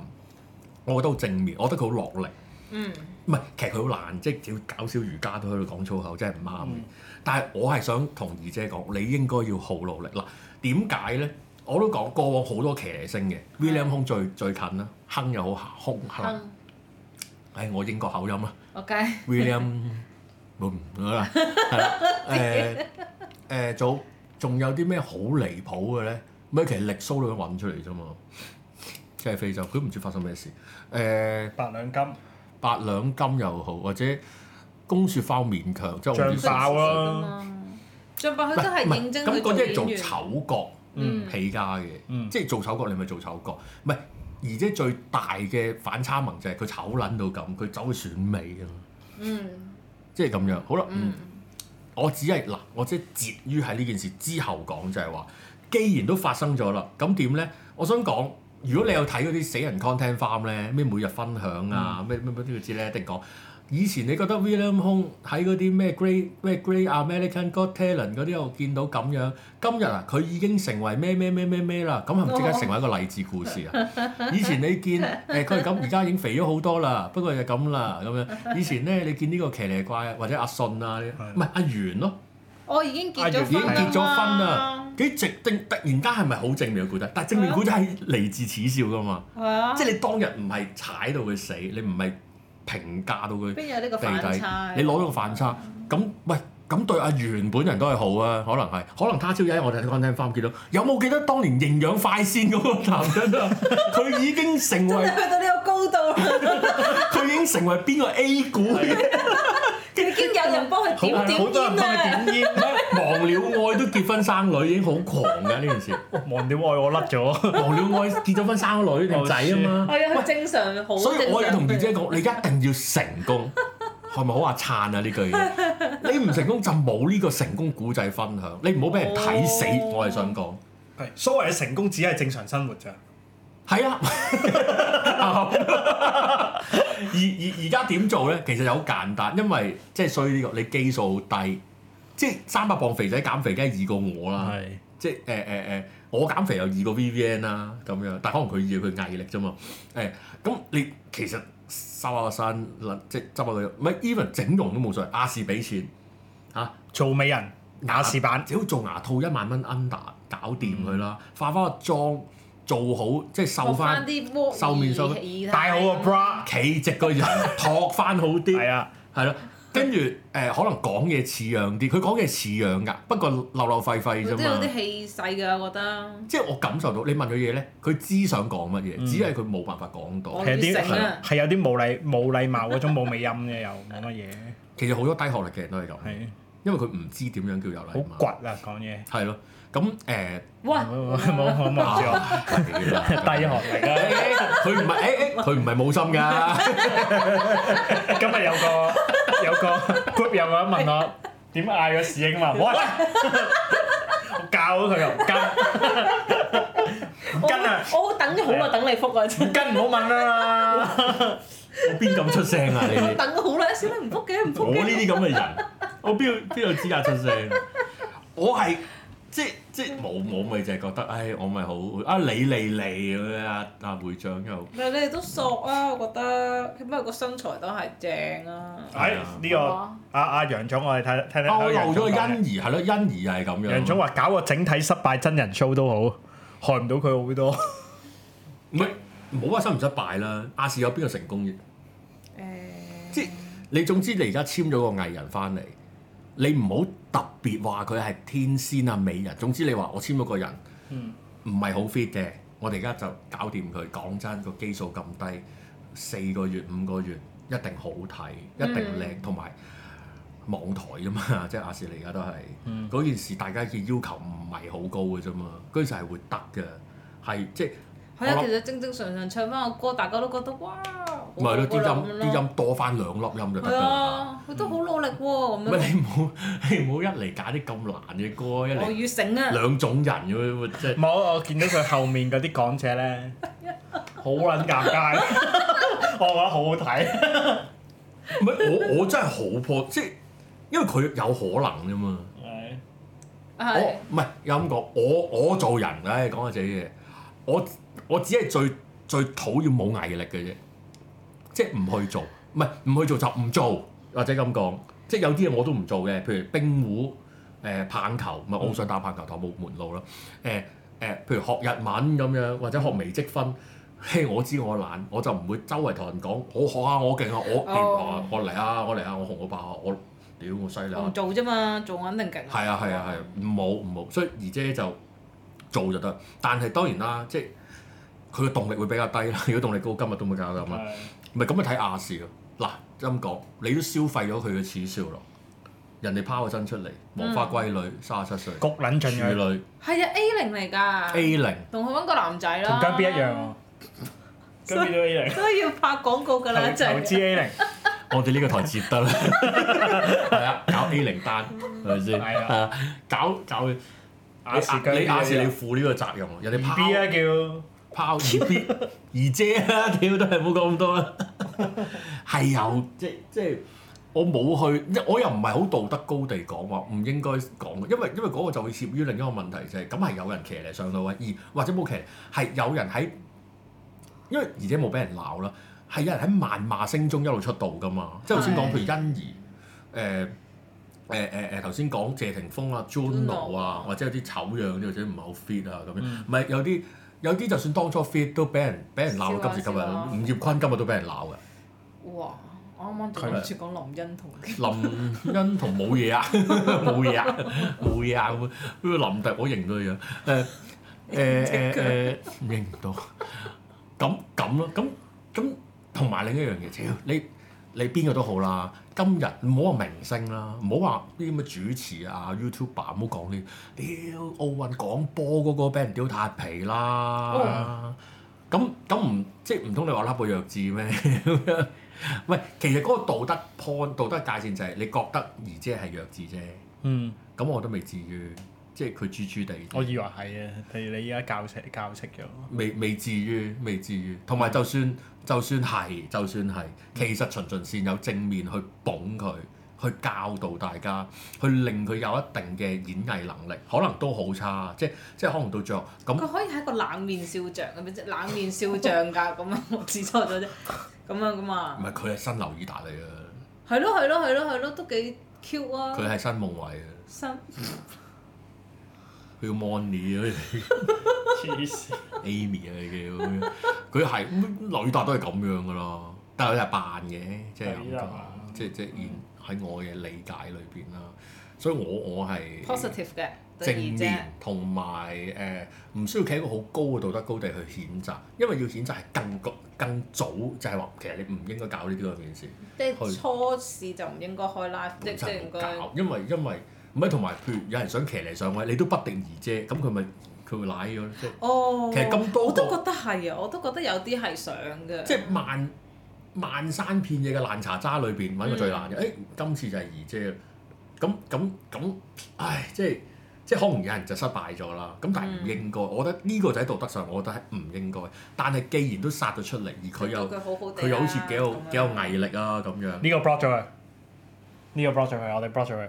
我覺得好正面，我覺得佢好落力，嗯，唔係其實佢好難即係只、就是、要搞笑瑜伽都喺度講粗口，真係唔啱，嗯、但係我係想同儀姐講，你應該要好努力嗱。點解咧？我都講過往好多騎呢星嘅、嗯、William 空最最近啦，哼又好空。哼、嗯。唉、哎，我英國口音啊。Okay. William，好啦，係啦。誒誒，仲仲有啲咩好離譜嘅咧？咩其實歷蘇都可以揾出嚟啫嘛。即係非洲，佢唔知發生咩事。誒、呃。八兩金。八兩金又好，或者公雪花我勉強。將哨、嗯、啊！啊進步佢都係認真咁嗰即係做丑角起家嘅，即係做丑角，你咪做丑角。唔係，而即係最大嘅反差萌就係佢醜撚到咁，佢走去選美吖嘛。嗯，即係咁樣。好、嗯、啦，嗯，我只係嗱，我即係截於喺呢件事之後講，就係話，既然都發生咗啦，咁點咧？我想講，如果你有睇嗰啲死人 content farm 咧，咩每日分享啊，咩咩咩都要知咧，一定講。.以前你覺得 William Hung 喺嗰啲咩 Grey 咩 Grey American Got Talent 嗰啲我見到咁樣，今日啊佢已經成為咩咩咩咩咩啦，咁係咪即刻成為一個勵志故事啊？以前你見誒佢係咁，而、欸、家已經肥咗好多啦，不過又咁啦咁樣。以前咧你見呢個騎呢怪或者阿信啊，唔係的阿元咯、啊，我已經結咗婚啦，幾直的突然間係咪好正面嘅故仔？但係正面故仔係嚟自恥笑㗎嘛，的即係你當日唔係踩到佢死，你唔係。評價到佢邊有呢個反差？你攞到個反差，咁、嗯、喂？咁對阿原本人都係好啊，可能係，可能他朝一我哋 condemn 翻，記得有冇記得當年營養快線嗰個男人啊？佢已經成為去到呢個高度佢 已經成為邊個 A 股嘅？對 已經有人幫佢好多人點點煙啦！ 忘了愛都結婚生女已經好狂嘅呢件事，忘了愛我甩咗， 忘了愛結咗婚生女個仔啊嘛，係啊、哎，正常好。正常所以我要同儀姐講，你一定要成功。係咪好話燦啊？呢句嘢，你唔成功就冇呢個成功古仔分享。你唔好俾人睇死，oh. 我係想講。所謂嘅成功只係正常生活咋，係是啊。 而而而家點做咧？其實又好簡單，因為即係所以呢個，你基數低，即係三百磅肥仔減肥，梗係易過我啦。即係誒誒誒，我減肥又易過 VVN 啦咁樣。但可能佢要佢毅力啫嘛。誒、欸、咁你其實。收下身，立即係執下佢，唔係 even 整容都冇所謂。亞視俾錢嚇，啊、做美人亞視版，只要做牙套一萬蚊 under 搞掂佢啦。嗯、化翻個妝，做好即係瘦翻，瘦面瘦，戴好個 bra，企直佢就 托翻好啲，係啊，係咯的。 跟住誒，可能講嘢似樣啲，佢講嘢似樣㗎，不過流流廢廢啫嘛。即係有啲氣勢㗎，我覺得。即係我感受到你問佢嘢咧，佢知想講乜嘢，嗯、只係佢冇辦法講到。其實點係有啲冇禮冇禮貌嗰種冇尾音嘅又冇乜嘢。其實好多低學歷嘅人都係咁，的因為佢唔知點樣叫有禮貌。好倔啊，講嘢。係咯。咁誒，哇，冇冇冇，低學歷嘅，佢唔係誒，佢唔係冇心㗎。今日有個有個 group 有個人問我點嗌個侍應話，我教咗佢又唔跟，唔跟啊！我等咗好耐，等你覆啊！唔跟唔好問啊嘛，我邊敢出聲啊？你等咗好耐，小妹唔覆嘅，唔覆，我呢啲咁嘅人，我邊邊有資格出聲？我係即係。即係冇冇咪就係覺得，哎，我咪好啊，你你你咁樣啊，啊會長又，咪你哋都熟啊，我覺得，咁啊個身材都係正啊，係呢、哎嗯這個吧啊啊楊總，我哋睇睇睇，歐、啊、留咗個欣怡，係咯的、嗯，欣怡又係咁樣。楊總話搞個整體失敗真人 show 都好，害唔到佢好多。唔 係、嗯，冇話失唔失敗啦，亞視有邊個成功嘅？誒、嗯，即係你總之你而家簽咗個藝人翻嚟。你唔好特別話佢係天仙啊美人，總之你話我簽咗個人，唔係好 fit 嘅，我哋而家就搞掂佢。講真，個基數咁低，四個月五個月一定好睇，嗯、一定靚，同埋網台啊嘛，即係亞視嚟，而家都係，嗰件事大家嘅要求唔係好高嘅啫嘛，嗰件事係會得嘅，係即係。係啊，讀其實正正常常唱翻個歌，大家都覺得哇～唔係咯，啲音啲音，多翻兩粒音就得㗎啦。佢都好努力喎。喂，你唔好你唔好一嚟揀啲咁難嘅歌，一嚟兩種人嘅會即係。冇，我見到佢後面嗰啲講者咧，好撚尷尬，我覺得好好睇。唔係我我真係好破，即係因為佢有可能啫嘛。我唔係有咁講，我我做人唉講下自己嘢，我我只係最最討厭冇毅力嘅啫。即係唔去做，唔係唔去做就唔做，或者咁講。即係有啲嘢我都唔做嘅，譬如冰壺、誒、呃、棒球，唔係我唔想打棒球，冇門路啦。誒、嗯、誒，譬如學日文咁樣，或者學微積分。嘿，我知我懶，我就唔會周圍同人講我學下我勁啊！我屌我嚟啊！我嚟啊、oh，啊！我紅我白啊！我屌我犀利啊！我我啊啊做啫嘛，做肯定勁、啊。係啊係啊係，唔、啊啊啊啊啊啊、好，唔好。所以二姐就做就得，但係當然啦，即係佢嘅動力會比較低啦。 如果動力高，今日都冇搞到咁啊。Okay. 唔係咁咪睇亞視咯，嗱，咁講，你都消費咗佢嘅恥笑咯。人哋拋個身出嚟，黃花閨女，三十七歲，焗卵少女，係啊，A 零嚟㗎，A 零，同佢揾個男仔咯，同 B 一樣喎，B 都 A 零，都要拍廣告㗎啦，一陣投資 A 零，我哋呢個台接得啦，係啊，搞 A 零單，係咪先？係啊，搞搞亞視，你亞視要負呢個責任喎，人哋拍 B 啊叫。拋二 B 二姐啊，屌都係冇講咁多啦，係 有，即即我冇去，即我又唔係好道德高地講話，唔應該講，因為因為嗰個就會涉於另一個問題就係咁係有人騎嚟上台位，而或者冇騎，係有人喺，因為二姐冇俾人鬧啦，係有人喺謾罵聲中一路出道噶嘛，即頭先講譬如欣宜、欸，誒誒誒誒頭先講謝霆鋒啊、Juno 啊，或者有啲醜樣啲或者唔係好 fit 啊咁樣，咪有啲。Mm. 有啲就算當初 fit 都俾人俾人鬧，啊、今時今日，啊、吳業坤今日都俾人鬧嘅。哇！啱啱仲諗住講林欣彤的、啊啊啊。林欣彤冇嘢啊，冇嘢啊，冇嘢啊咁。呢個林迪我認到佢啊，誒誒誒誒，認唔到。咁咁咯，咁咁同埋另一樣嘢，你。你邊個都好啦，今日唔好話明星啦，唔好話啲咁嘅主持啊、YouTuber，唔好講啲屌奧運廣播嗰個俾人屌撻皮啦。咁咁唔即係唔通你話笠個弱智咩？喂， 其實嗰個道德 point、道德界線就係你覺得而即係弱智啫。嗯，咁我都未至於。即係佢豬豬地。我以為係啊，係你依家教識教識咗。未未至於，未至於。同埋就算就算係，就算係，其實循循善誘有正面去捧佢，去教導大家，去令佢有一定嘅演藝能力，可能都好差。即係即係，可能到最後咁。佢可以係一個冷面笑匠咁樣，即冷面笑匠㗎咁啊！我指錯咗啫，咁樣㗎嘛？唔係佢係新劉以達嚟嘅。係咯係咯係咯係咯，都幾 cute 啊！佢係新夢偉啊。新。 叫 Money 啊，黐線 Amy 啊， 叫佢係女達都係咁樣噶咯，但係佢係扮嘅，即係咁解，即係即係現喺我嘅理解裏邊啦。所以我我係 positive 嘅正面，同埋誒唔需要企喺個好高嘅道德高地去譴責，因為要譴責係更覺更早就係話其實你唔應該搞呢啲咁嘅件事。即係佢初試就唔應該開 live，即即就應該。因為因為。唔係同埋，譬如有人想騎你上位，你都不定儀姐，咁佢咪佢會瀨咗咧？哦，其實咁多我都覺得係啊，我都覺得有啲係想嘅。嗯、即係漫漫山遍野嘅爛茶渣裏邊揾個最爛嘅，誒、欸，今次就係儀姐啦咁咁咁，唉，即係即係可能有人就失敗咗啦。咁但係唔應該，嗯、我覺得呢個喺道德上，我覺得係唔應該。但係既然都殺咗出嚟，而佢又佢、啊、又好似幾有幾這樣 有毅力啊咁樣。呢、呢個 block 咗佢，呢個 block 咗佢，我哋 block 咗佢。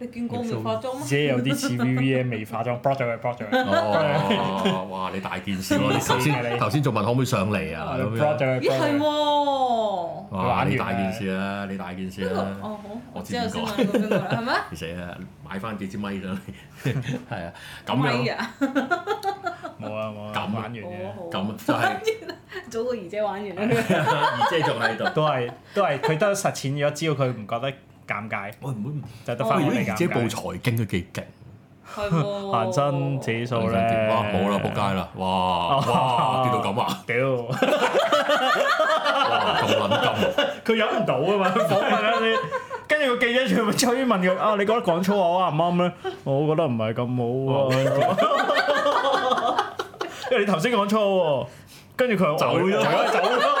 你見過我未化妝？姐有啲似 VV 嘅未化妝，project project。哦，哇！你大件事喎，頭先你頭先仲問可唔可以上嚟啊？project 咦係喎！哇！你大件事啦，你大件事啦。哦好，我知唔講。係咪？唔死啦！買翻幾支咪上嚟，係啊，咁樣。冇啊冇啊！咁玩完嘅。咁好好。早過儀姐玩完啦。儀姐仲喺度。都係都係，佢都實踐咗只要佢唔覺得。尷尬，我唔會，就得翻自己報財經都幾勁，係喎，恒生指數咧，啊冇啦，仆街啦，哇哇跌到咁啊，屌 咁撚金啊，佢忍唔到啊嘛，跟住個記者住部終於問佢啊，你覺得講粗口啱唔啱咧？我覺得唔係咁好喎，啊，因為、 哎、你頭先講粗喎，跟住佢走咗。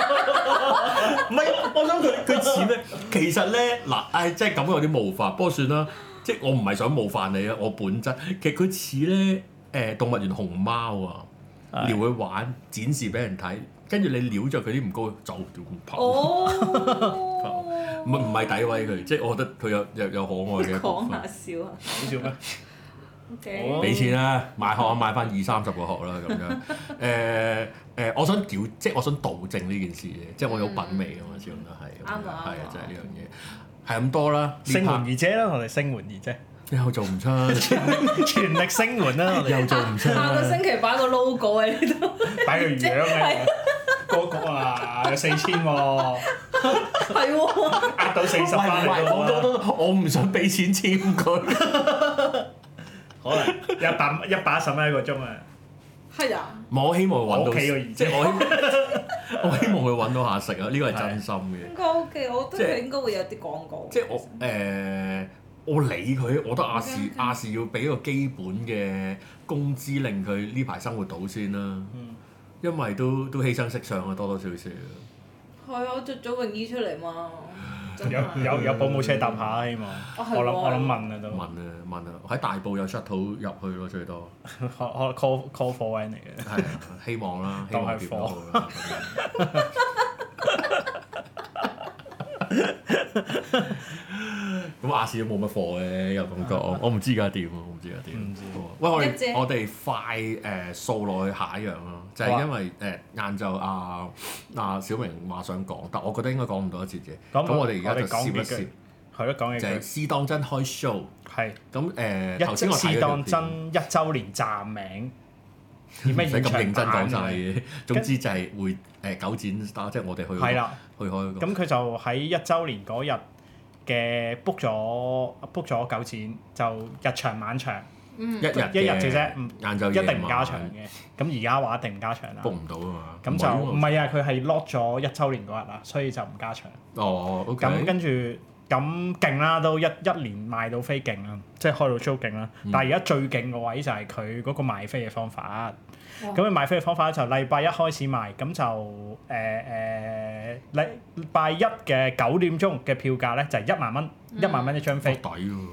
佢似咩？其實咧，嗱，誒、哎，即係咁樣有啲冒犯，不過算啦。即係我唔係想冒犯你啊，我本質其實佢似咧，誒，動物園熊貓啊，撩佢是玩，展示俾人睇，跟住你撩着佢啲唔高走，唔係，唔係詆毀佢，即係我覺得佢有有有可愛嘅一面。講下 笑啊！好笑咩？ 俾錢啦，買學啊買翻二三十個學啦咁樣。誒誒，我想屌，即係我想導正呢件事嘅，即係我有品味咁樣，始終都係。啱啊！係啊，就係呢樣嘢，係咁多啦。聲援儀姐啦，我哋聲援儀姐。又做唔出，全力聲援啦！又做唔出。下個星期擺個 logo 喺度，擺個樣喺度。嗰個啊，有四千喎，係喎，壓到四十萬好多都，我唔想俾錢簽佢。可能一百一百一十蚊一個鐘啊！係啊，我希望揾到，我希望佢揾到下食啊！呢個係真心嘅。應該 OK，我覺得佢應該會有啲廣告。即係我誒，我理佢，我覺得亞視亞視要俾個基本嘅工資令佢呢排生活到先啦。因為都都犧牲色相啊，多多少少。係啊，我著咗泳衣出嚟嘛。有有有保姆車搭下希望、哦、我諗我諗問啊都問啊問啊！喺大埔有 shuttle 入去咯，最多。可可 call call for 貨運嚟嘅。係啊，希望啦，就係貨啦。 咁亞視都冇乜貨嘅，又咁講。我唔知而家點啊，我唔知而家點。喂，我哋我哋快誒掃落去下一樣咯，就係因為誒晏晝阿阿小明話想講，但我覺得應該講唔到一次嘅。咁我哋而家就講一次。係咯，講一講。就試當真開 show。係。咁誒，頭先我試當真一週年站名。唔使咁認真講曬嘅，總之就係會誒九展打，即係我哋去。去開。咁佢就喺一週年嗰日。嘅 book 咗 book 咗九展，就日場晚場，嗯、一日一日啫，晏、嗯、午一定唔加場嘅。咁而家話一定唔加場啦。book 唔到啊嘛。咁就唔係啊，佢係、啊、lock 咗一周年嗰日啊，所以就唔加場。咁、哦 okay? 跟住。咁勁啦，都一一年賣到飛勁啦，即係開到超勁啦。嗯、但係而家最勁嘅位就係佢嗰個賣飛嘅方法。咁佢哇賣飛嘅方法咧就禮拜一開始賣，咁就誒誒禮拜一嘅九點鐘嘅票價咧就係一萬蚊，嗯、一萬蚊一張飛。啊、好抵喎！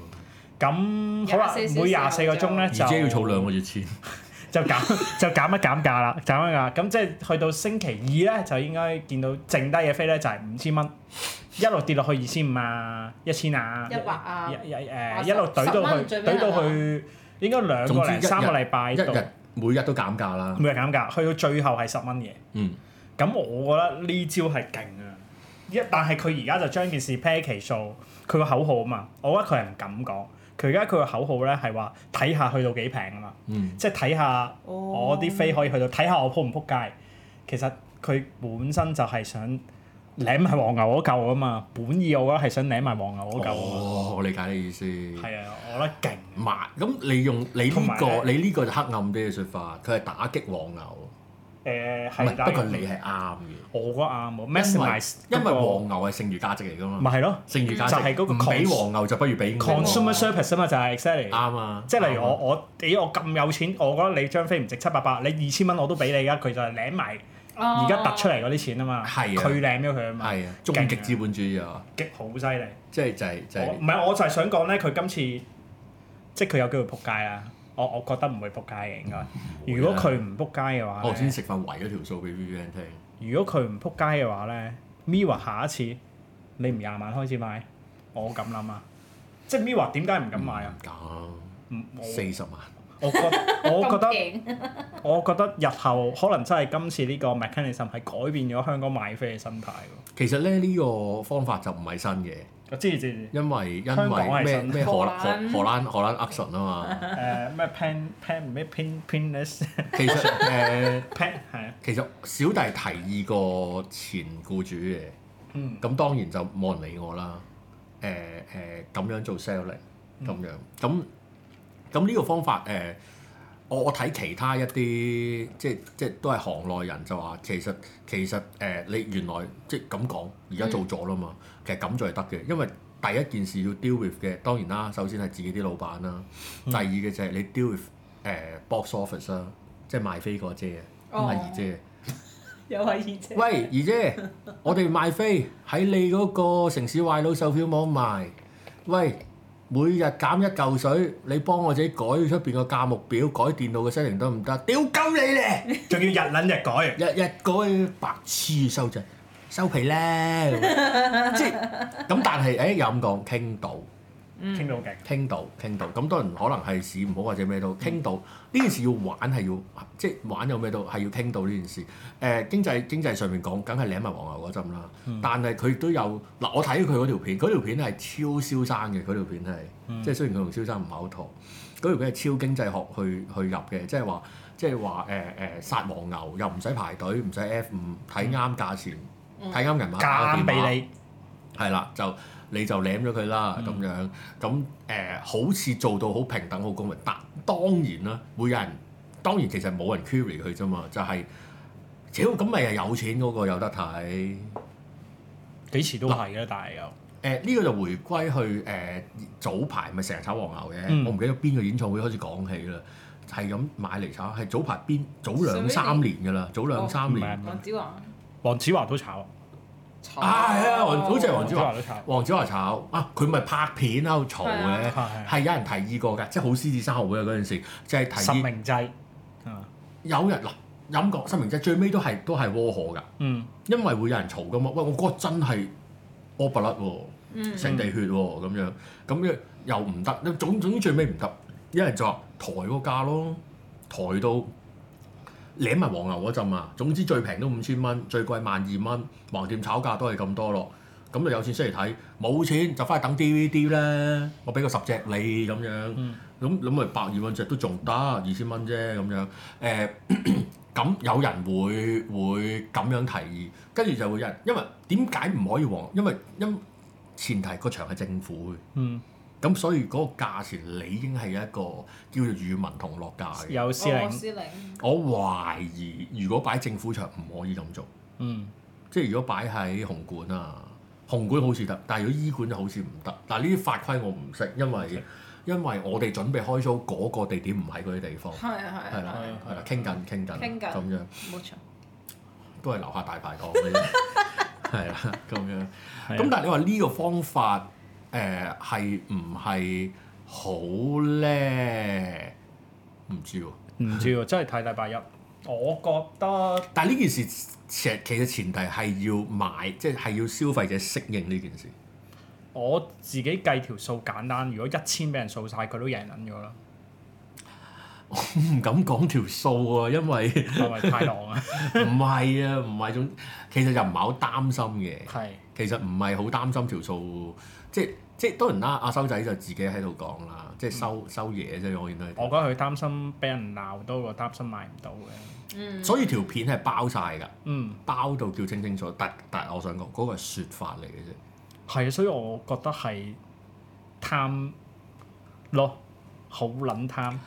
咁好啦，每廿四個鐘咧就。而且要儲兩個月錢。 就減就減一減價啦，減,一減價咁即係去到星期二咧，就應該見到剩低嘅飛咧就係五千蚊，一路跌落去二千五啊，一千啊，一百啊，一誒一路懟到去懟到,到去應該兩個禮拜三個禮拜度，一日每日都減價啦，每日減價去到最後係十蚊嘅，嗯，咁我覺得呢招係勁啊，一但係佢而家就將件事 period 數，佢個口號啊嘛，我覺得佢係唔敢講。佢而家佢個口號咧係話睇下去到幾平啊嘛，嗯、即係睇下我啲飛可以去到，睇下、哦、我撲唔撲街。其實佢本身就係想擸係黃牛嗰嚿啊嘛，本意我覺得係想擸埋黃牛嗰嚿、哦。我理解你意思。係啊，我覺得勁。賣咁你用你呢、呢個，呢你呢個就黑暗啲嘅説法，佢係打擊黃牛。誒，唔係，不過你係啱嘅。我覺得啱喎。maximize，因為黃牛係剩餘價值嚟噶嘛。咪係咯，剩餘價值係嗰個唔俾黃牛就不如俾我。consumer surplus 啊嘛，就係 exactly。啱啊。即係例如我我咦我咁有錢，我覺得你張飛唔值七百八，你二千蚊我都俾你㗎。佢就係攬埋，而家突出嚟嗰啲錢啊嘛。佢攬咗佢啊嘛。係啊。終極資本主義啊！極好犀利。即係就係就係。唔係，我就係想講咧，佢今次即係佢有機會仆街啦。我我覺得唔會撲街嘅應該，嗯啊、如果佢唔撲街嘅話、哦，我先食飯圍咗條數俾 Vivian 聽。如果佢唔撲街嘅話咧，Mirror 下一次你唔廿萬開始買，我咁諗啊。即係 Mirror 點解唔敢買啊？唔敢、嗯。四十我萬我。我覺得我覺得我覺得日後可能真係今次呢個 mechanism 係改變咗香港買飛嘅心態喎。其實咧呢、呢個方法就唔係新嘅。我知知。因為香港 因為咩咩荷蘭荷蘭荷蘭 action 啊嘛。誒咩、呃、pen en, pen 咩 pen penless。其實誒 pen 係啊。其實小弟提議過前僱主嘅，咁、嗯、當然就冇人理我啦。誒誒咁樣做 selling，咁樣咁咁呢個方法誒、呃，我我睇其他一啲即即都係行內人就話其實其實誒、呃、你原來即咁講而家做咗啦嘛。其實咁就係得嘅，因為第一件事要 deal with 嘅，當然啦，首先係自己啲老闆啦。嗯、第二嘅就係你 deal with 誒、uh, box office 啦，即係賣飛嗰姐啊，咁係儀姐。又係儀姐。喂，儀姐，我哋賣飛喺你嗰個城市壞佬售票網賣。喂，每日減一嚿水，你幫我自己改出邊個價目表，改電腦嘅 setting 得唔得？屌鳩你咧！仲 要日撚日改， 日日改，白痴收質。收皮啦！ 即係咁，但係誒、欸、有咁講傾到，傾到好勁，傾到傾到咁多人可能係市唔好或者咩都、嗯、傾到呢件事要玩係要即係玩有咩都係要傾到呢件事誒、呃、經濟經濟上面講梗係舐埋黃牛嗰浸啦，嗯、但係佢都有嗱我睇佢嗰條片嗰條片係超蕭生嘅嗰條片係、嗯、即係雖然佢同蕭生唔係好妥，嗰條片係超經濟學去去，去入嘅，即係話即係話誒誒殺黃牛，牛又唔使排隊唔使 F 五睇啱價錢。睇啱銀碼加俾你，係啦，就你就舐咗佢啦，咁、嗯、樣咁誒、呃，好似做到好平等，好公平，但當然啦，會有人當然其實冇人 query 佢啫嘛，就係、是，屌咁咪係有錢嗰個有得睇，幾時都係嘅、啊，但係又誒呢個就回歸去誒、呃、早排咪成日炒黃牛嘅，嗯、我唔記得邊個演唱會開始講起啦，係咁、嗯、買嚟炒，係早排邊早兩三年噶啦，早兩，早兩三年。黃子華都炒，炒啊，係啊，好似係黃子華都炒，黃子華炒啊，佢咪拍片喺度嘈嘅，係、啊、有人提議過㗎，即係好獅子山學會嗰陣時即係提議。實名制。啊！有人嗱飲過實名制，最尾都係都係窩火㗎。嗯、因為會有人嘈㗎嘛，喂，我覺得真係屙不甩喎，成地血喎、啊、咁樣，咁咧、嗯嗯、又唔得，總總之最尾唔得，有人就話抬個價咯，抬到。舐埋黃牛嗰陣啊，總之最平都五千蚊，最貴萬二蚊，橫掂炒價都係咁多咯。咁就有錢出嚟睇，冇錢就翻去等 D V D 啦。我俾個十隻你咁樣，咁咁咪百二蚊隻都仲得，二千蚊啫咁樣。誒、欸、咁有人會會咁樣提議，跟住就會有人，因為點解唔可以黃？因為因為前提個場係政府嘅。嗯。咁所以嗰個價錢，理應係一個叫做與民同樂價嘅。有司我懷疑，如果擺政府場唔可以咁做。即係如果擺喺紅館啊，紅館好似得，但係如果醫館就好似唔得。但係呢啲法規我唔識，因為因為我哋準備開 show 嗰、嗰個地點唔喺嗰啲地方。係啊啦係啦，傾緊傾緊。咁、啊啊啊、咁樣。都係樓下大排檔嘅啫。係 啊，咁樣。咁、啊、但係你話呢個方法？誒係唔係好咧？唔知喎，唔 知喎，真係睇禮拜一。我覺得，但係呢件事其實前提係要買，即係係要消費者適應呢件事。我自己計條數簡單，如果一千俾人掃晒，佢都贏撚咗啦。 我唔敢講條數啊，因為太浪 啊！唔係啊，唔係種，其實又唔係好擔心嘅。是其實唔係好擔心條數、啊。即即當然啦，阿修仔就自己喺度講啦，嗯、即收收嘢啫，我見到。我覺得佢擔心俾人鬧多過擔心買唔到嘅。嗯、所以條片係包晒㗎。嗯、包到叫清清楚，但但我想講嗰、嗰個係説法嚟嘅啫。係啊，所以我覺得係貪咯，好撚貪。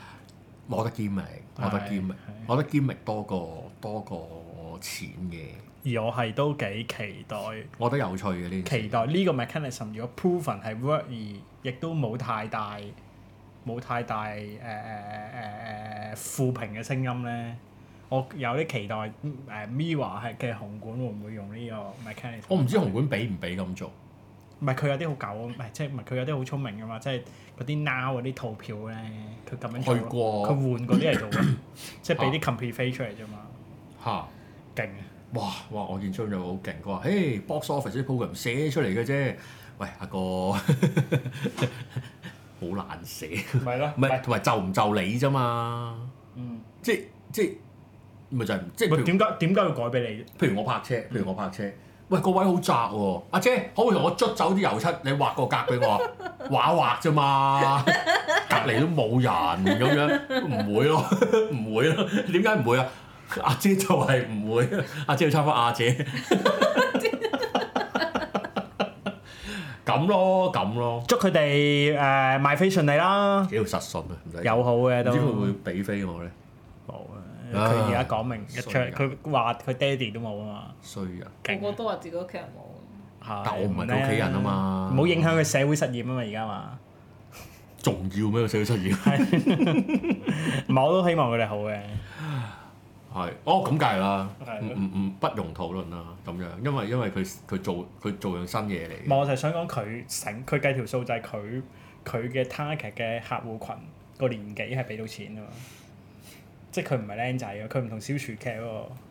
攞、呃、得堅命，攞得堅命，攞得堅命多過多過。多過錢嘅，而我係都幾期待，我覺得有趣嘅呢啲期待呢、呢個 mechanism 如果 proven 係 work 而亦都冇太大冇太大誒誒誒誒負評嘅聲音咧，我有啲期待誒 MIRROR 係嘅紅館會唔會用呢個 mechanism？我唔知紅館俾唔俾咁做，唔係佢有啲好搞，唔係即係唔係佢有啲好聰明㗎嘛，即係嗰啲 now 嗰啲套票咧，佢咁、嗯、樣佢換嗰啲嚟做，即係俾啲 compilation 出嚟啫嘛， 勁！哇哇！我見張仲好勁，佢話，嘿，box office 啲 program 寫出嚟嘅啫。喂，阿哥，好難寫。唔係咯。唔係同埋就唔就你啫嘛。嗯。即係即係咪就係即係。咪點解點解要改俾你？譬如、哎、我泊車，譬如我泊車。喂，個位好窄喎！阿姐，可唔可以同我捽走啲油漆？你畫個格俾我，畫畫啫嘛。隔離都冇人咁樣、like，唔會咯，唔會咯。點解唔會啊？阿姐就係唔會，阿姐要差翻阿姐，咁咯，咁咯，祝佢哋誒買飛順利啦！幾好實信啊，唔使友好嘅都，唔知佢會唔會俾飛我咧，冇啊！佢而家講明一出，佢話佢爹哋都冇啊嘛，衰人，個個都話自己屋企人冇，但我唔係屋企人啊嘛，冇影響佢社會實驗啊嘛，而家嘛，仲要咩？社會實驗，唔係我都希望佢哋好嘅。係，哦咁梗係啦，唔唔唔，不容討論啦，咁樣，因為因為佢佢做佢做樣新嘢嚟。唔係，我就係想講佢成佢計條數就係佢佢嘅 target 嘅客戶群個年紀係俾到錢啊嘛，即係佢唔係僆仔，佢唔同小廚劇喎，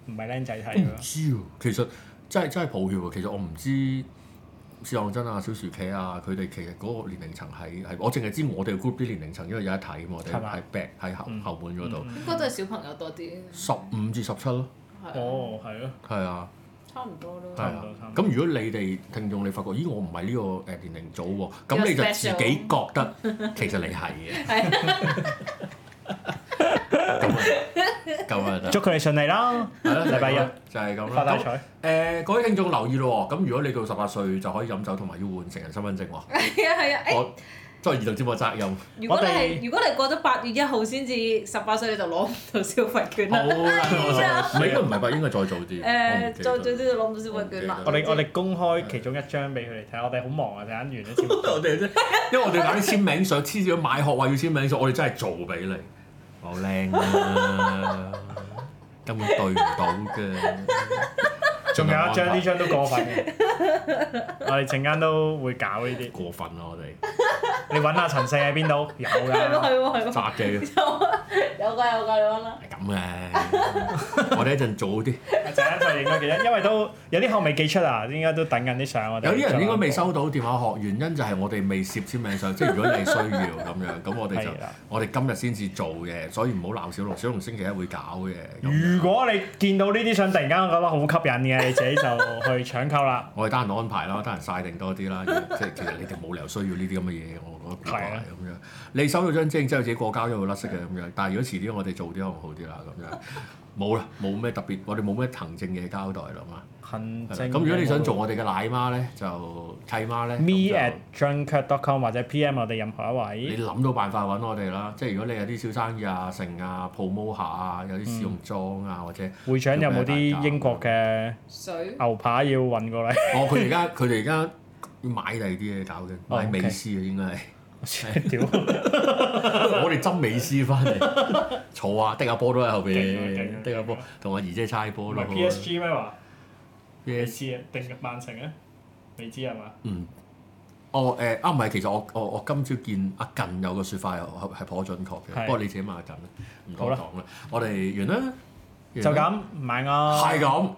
唔係僆仔睇啊。我唔知喎，其實真係真係抱歉喎，其實我唔知。試當真啊、小薯茄啊，佢哋其實嗰個年齡層喺係，我淨係知我哋 group 啲年齡層，因為有得睇啊嘛，我哋喺 back 喺後後門嗰度，應該都係小朋友多啲。十五至十七咯。哦，係啊。係啊。差唔多咯。係啊。咁如果你哋聽眾，你發覺咦我唔係呢個誒年齡組喎，咁你就自己覺得其實你係嘅。咁啊，咁啊，祝佢哋順利啦！係咯，禮拜一就係咁啦。發大彩！誒，各位聽眾留意咯，咁如果你到十八歲就可以飲酒，同埋要換成人身份證喎。係啊，係啊，我作為兒童節目嘅責任。如果你係，如果你過咗八月一號先至十八歲，你就攞唔到消費券啦。好啦，唔係應該唔係八，應該再早啲。誒，再早啲攞唔到消費券啦。我哋我哋公開其中一張俾佢哋睇，我哋好忙啊，睇完咧，我哋因為我哋搞啲簽名相，黐住買學位，要簽名相，我哋真係做俾你。好靚啊，根本對唔到㗎。仲 有一張，呢 張都過分嘅。 我哋陣間都會搞呢啲。過分啊，我哋。你揾下陳世喺邊度？有㗎，雜嘅有，有㗎有㗎，你揾啦。咁嘅， 我哋一陣做啲。一陣應該記得，因為都有啲號未寄出啊，應該都等緊啲相。有啲人應該未收到電話號，原因就係我哋未攝簽名相。即係如果你需要咁樣，咁我哋就的我哋今日先至做嘅，所以唔好鬧小龍。小龍星期一會搞嘅。如果你見到呢啲相，突然間我覺得好吸引嘅，你自己就去搶購啦。 我哋得閒安排啦，得閒晒定多啲啦。即係其實你哋冇理由需要呢啲咁嘅嘢，我。係咁的樣你收到張證，之後自己過交就會甩色嘅咁樣。但係如果遲啲我哋做啲可能好啲啦，咁樣冇啦，冇咩特別，我哋冇咩行政嘅交代啦嘛。 吧行政咁如果你想做我哋嘅奶媽咧，就契媽咧。me@drunkirk.com 就或者 PM 我哋任何一位。你諗到辦法揾我哋啦，即係如果你有啲小生意啊、城啊、promo 下啊，有啲試用裝啊或者、嗯、會長想有冇啲英國嘅牛排要運過嚟？ 哦，佢而家佢哋而家要買第二啲嘢搞嘅，買美斯嘅應該係。 我哋執美斯翻嚟，坐啊，掟下波都喺後邊，掟下波，同阿儀姐猜波咯。PSG 咩話？PS 定曼城啊？未知係嘛？嗯。哦誒、呃、啊唔係，其實我我，我今朝見阿近有個説法又係係頗準確嘅，的不過你自己問阿近啦，唔多講啦。吧我哋完啦。完啦就咁，唔係我。係咁。